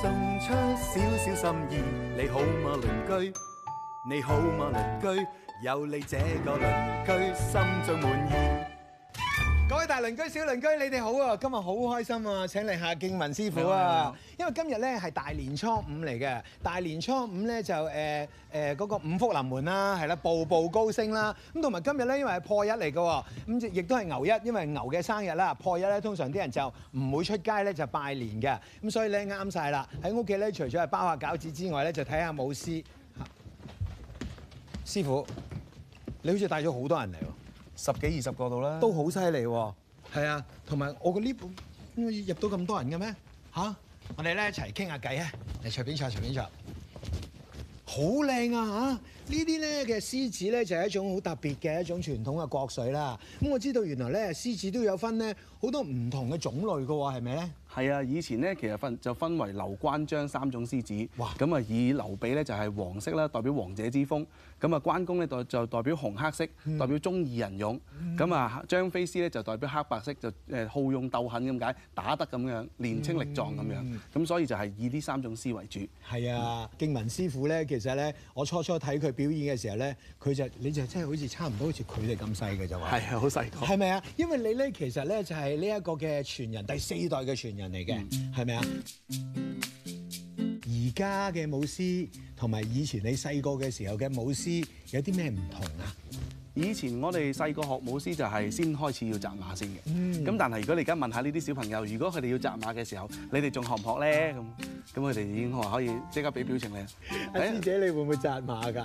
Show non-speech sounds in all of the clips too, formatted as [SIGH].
送出少少心意，你好嗎？鄰居？你好嗎？鄰居？有你這個鄰居，心中滿意。各位大鄰居、小鄰居，你哋好啊！今日好開心啊！請嚟下敬文師傅啊！嗯、因為今日咧係大年初五嚟嘅，大年初五咧就誒誒嗰個五福臨門啦，係啦，步步高升啦。咁同埋今日咧，因為係破一嚟嘅，咁亦都係牛一，因為牛嘅生日啦。破一咧，通常啲人就唔會出街咧，就拜年嘅。咁所以咧啱晒啦，喺屋企咧，除咗係包下餃子之外咧，就睇下舞獅。師傅，你好似帶咗好多人嚟喎。十幾二十個度啦，都好犀利喎。係啊，同埋、 [NOISE] 啊、我個 𨋢 入到咁多人嘅咩？吓、啊，我哋咧一齊傾下偈啊！嚟隨便插，隨便插，好靚啊嚇！啊呢啲咧嘅獅子咧就係一種好特別嘅一種傳統嘅國粹啦。咁、嗯、 [NOISE] 我知道原來咧獅子都有分咧好多唔同嘅種類㗎喎，係咪咧？係啊，以前咧其實分就分為劉關張三種獅子，咁啊以劉備咧就係黃色啦，代表王者之風；咁啊關公咧代就代表紅黑色，代表忠義仁勇；咁啊張飛獅咧就代表黑白色，就誒好勇鬥狠咁解，打得咁樣，年青力壯咁樣，咁所以就係以呢三種獅為主。係啊，敬文師傅咧，其實咧我初初睇佢表演嘅時候咧，佢就你就真係好似差唔多好似佢哋咁細嘅咋喎，係啊，好細個。係咪啊？因為你咧其實咧就係呢一個嘅傳人，第四代嘅傳人。人嚟嘅，係咪啊？而家嘅舞獅同埋以前你細個嘅時候嘅舞獅有啲咩唔同啊？以前我哋細個學舞獅就係先開始要紮馬先嘅，咁、嗯、但係如果你而家問下呢啲小朋友，如果佢哋要紮馬嘅時候，你哋仲學唔學咧？咁咁佢哋已經話可以即刻俾表情你。阿 [LAUGHS] 師姐，你會唔會紮馬㗎？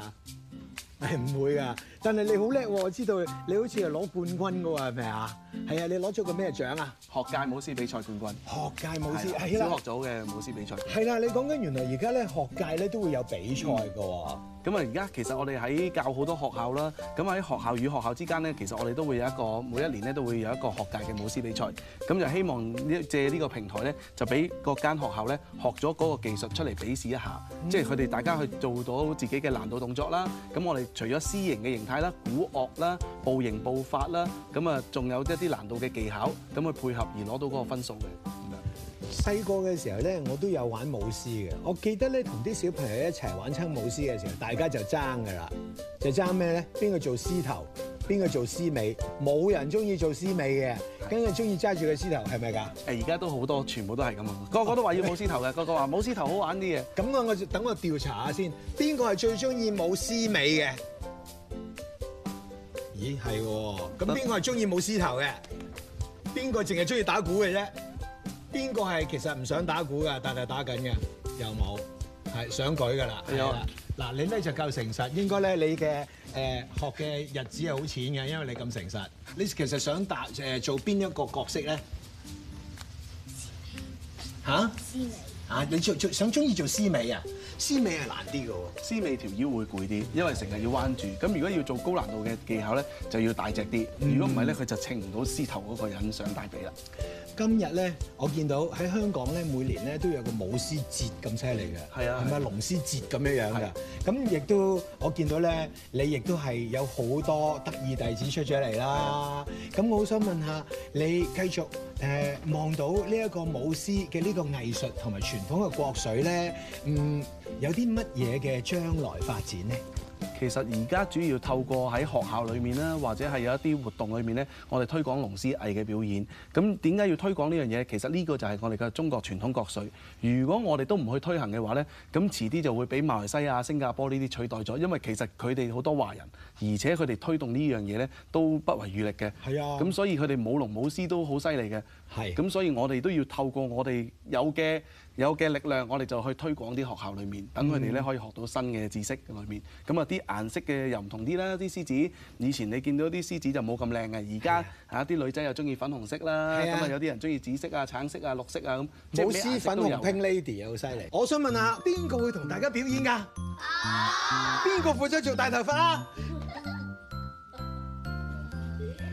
誒唔 [LAUGHS] 會噶，但係你好叻喎，我知道你好似係攞冠軍噶喎，係咪啊？係啊，你攞咗個咩獎啊？學界舞獅比賽冠軍。學界舞獅係啦。了了小學組嘅舞獅比賽。係啦，你講緊原來而家咧學界咧都會有比賽㗎喎。嗯咁啊！而家其實我哋喺教好多學校啦。咁喺學校與學校之間咧，其實我哋都會有一個每一年咧都會有一個學界嘅舞獅比賽。咁就希望借呢個平台咧，就俾各間學校咧學咗嗰個技術出嚟比試一下。嗯、即係佢哋大家去做到自己嘅難度動作啦。咁我哋除咗獅型嘅形態啦、鼓樂啦、步型步法啦，咁啊，仲有一啲難度嘅技巧，咁去配合而攞到嗰個分數嘅。細個嘅時候咧，我都有玩舞獅嘅。我記得咧，同啲小朋友一齊玩親舞獅嘅時候，大家就爭噶啦，就爭咩咧？邊個做獅頭，邊個做獅尾？冇人中意做獅尾嘅，梗係中意揸住個獅頭，係咪噶？誒，而家都好多，全部都係咁啊！個都 [LAUGHS] 個個都話要舞獅頭嘅，個個話舞獅頭好玩啲嘅。咁啊， [LAUGHS] 我等我調查下先，邊個係最中意舞獅尾嘅？咦，係喎！咁邊個係中意舞獅頭嘅？邊個淨係中意打鼓嘅啫？邊個係其實唔想打鼓嘅，但係打緊嘅又冇，係想舉嘅啦。有嗱 Yeah.，你咧就夠誠實，應該咧你嘅誒、呃、學嘅日子係好淺嘅，因為你咁誠實。你其實想打誒、呃、做邊一個角色咧？嚇、啊？獅尾、啊、你想中意做獅尾啊？獅尾係難啲嘅喎，獅尾條腰會攰啲，因為成日要彎住。咁如果要做高難度嘅技巧咧，就要大隻啲。如果唔係咧，佢就稱唔到獅頭嗰個人上大髀啦。今日咧，我見到喺香港咧，每年咧都有個舞獅節咁犀利嘅，係呀，係咪龍獅節咁樣樣㗎？咁亦都我見到咧，你亦都係有好多得意弟子出咗嚟啦。咁我好想問下你，繼續誒望到呢一個舞獅嘅呢個藝術同埋傳統嘅國粹咧，嗯，有啲乜嘢嘅將來發展咧？其實而家主要透過喺學校裏面啦，或者係有一啲活動裏面咧，我哋推廣龍獅藝嘅表演。咁點解要推廣呢樣嘢？其實呢個就係我哋嘅中國傳統國粹。如果我哋都唔去推行嘅話咧，咁遲啲就會俾馬來西亞、新加坡呢啲取代咗。因為其實佢哋好多華人，而且佢哋推動呢樣嘢咧都不遺餘力嘅。係啊，咁所以佢哋舞龍舞獅都好犀利嘅。係，咁所以我哋都要透過我哋有嘅有嘅力量，我哋就去推廣啲學校裏面，等佢哋咧可以學到新嘅知識裏面。咁啊啲顏色嘅又唔同啲啦，啲獅子以前你見到啲獅子就冇咁靚嘅，而家啊啲女仔又中意粉紅色啦，咁啊有啲人中意紫色啊、橙色啊、綠色啊咁。舞獅粉紅 Pink Lady 啊，好犀利！我想問下邊個會同大家表演㗎？邊個負責做大頭髮啊？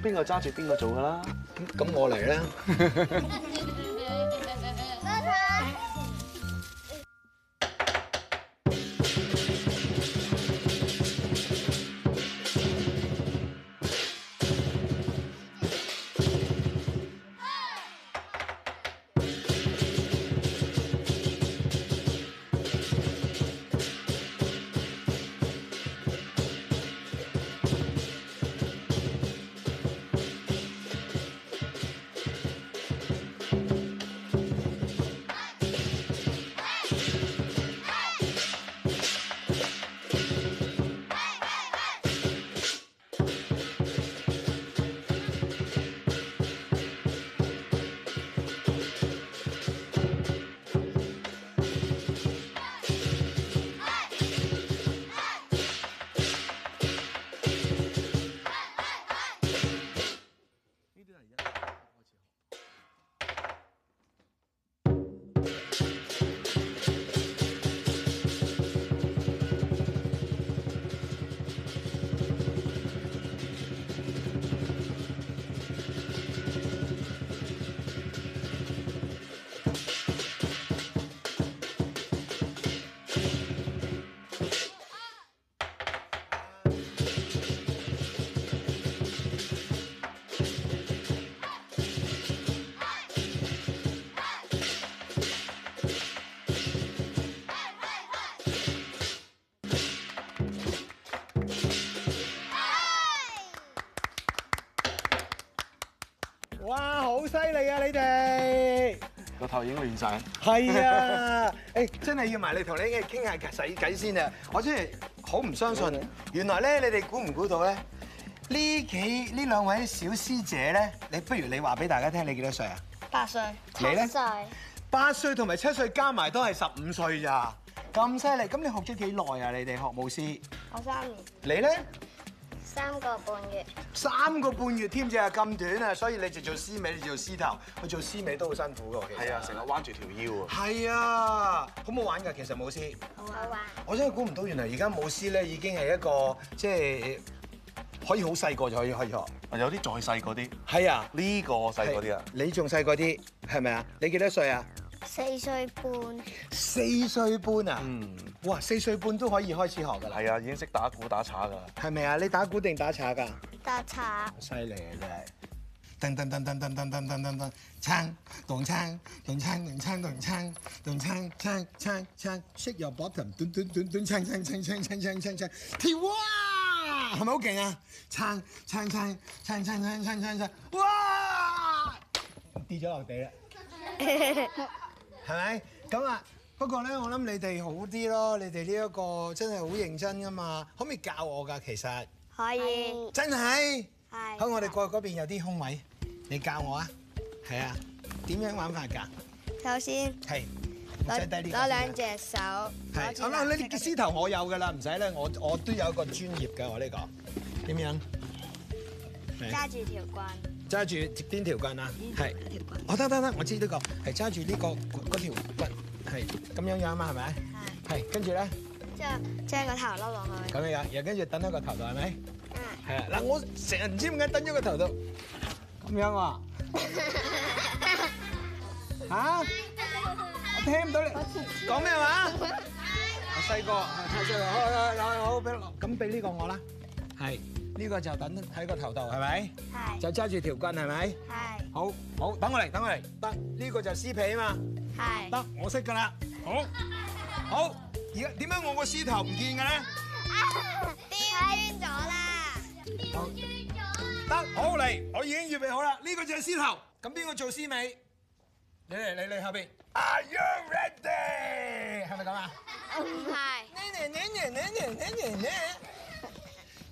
邊個揸住邊個做㗎啦？咁我嚟啦！多謝。哇，好犀利啊！你哋個頭已經亂曬，係啊！誒，真係要埋你同你傾下細偈先啊！我真係好唔相信，原來咧你哋估唔估到咧？呢幾呢兩位小師姐咧，你不如你話俾大家聽，你幾多歲啊？八歲，你咧？八歲同埋七歲加埋都係十五歲咋？咁犀利！咁你學咗幾耐啊？你哋學舞師？學三年。你咧？三個半月，三個半月添，咋咁短啊？所以你就做獅尾，你做獅頭，去做獅尾都好辛苦噶。係啊，成日彎住條腰啊。係啊，好唔好玩噶？其實舞獅、啊啊、好玩。玩我真係估唔到，原來而家舞獅咧已經係一個即係、就是、可以好細個就可以開始學。有啲再細嗰啲。係啊，呢個細嗰啲啊。你仲細嗰啲係咪啊？你幾多歲啊？四歲半，四歲半啊！嗯，哇，四歲半都可以開始學㗎啦，係啊，已經識打鼓打茶㗎啦，係咪啊？你打鼓定打茶㗎？打茶，犀利啊真係！噔噔噔噔噔噔噔噔噔噔，撐，同撐，同撐，同撐，同撐，同撐，撐撐撐撐，息由 bottom，斷斷斷斷撐撐撐撐撐撐撐，哇！係咪好勁啊？撐撐撐撐撐撐撐撐，哇！跌咗落地啦。係咪？咁啊，不過咧，我諗你哋好啲咯，你哋呢一個真係好認真噶嘛，可唔可以教我噶？其實可以，真係。係。好，我哋過去嗰邊有啲空位，你教我啊。係啊，點樣玩法噶？首先，係攞低啲，攞兩隻手。係。好啦，你啲獅頭我有噶啦，唔使咧，我我都有個專業嘅我呢個，點樣揸住條棍？揸住接邊條棍啊？係，我得得得，我知呢個係揸住呢個嗰條棍，係咁樣樣啊嘛，係咪？係，係跟住咧，即係將個頭擸落去。咁樣樣，然後跟住等一個頭度，係咪？嗯。係啊，嗱，我成日唔知點解等咗個頭度，咁樣喎。吓？我聽唔到你講咩話？細個，太細個，好，好，俾落，咁俾呢個我啦。係。呢個就等喺個頭度係咪？係。就揸住條棍係咪？係。好，好，等我嚟，等我嚟。得，呢個就係獅皮啊嘛。係。得，我識㗎啦。好，好。而家點解我個獅頭唔見㗎咧？啊！丟咗啦！丟咗。得，好嚟，我已經預備好啦。呢個就係獅頭。咁邊個做獅尾？你嚟，你嚟後邊。Are you ready？係咪咁啊？係。唸唸唸唸唸唸唸唸。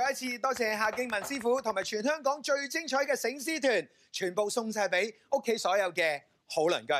再一次多謝夏敬文師傅同埋全香港最精彩嘅醒獅團，全部送晒俾屋企所有嘅好鄰居。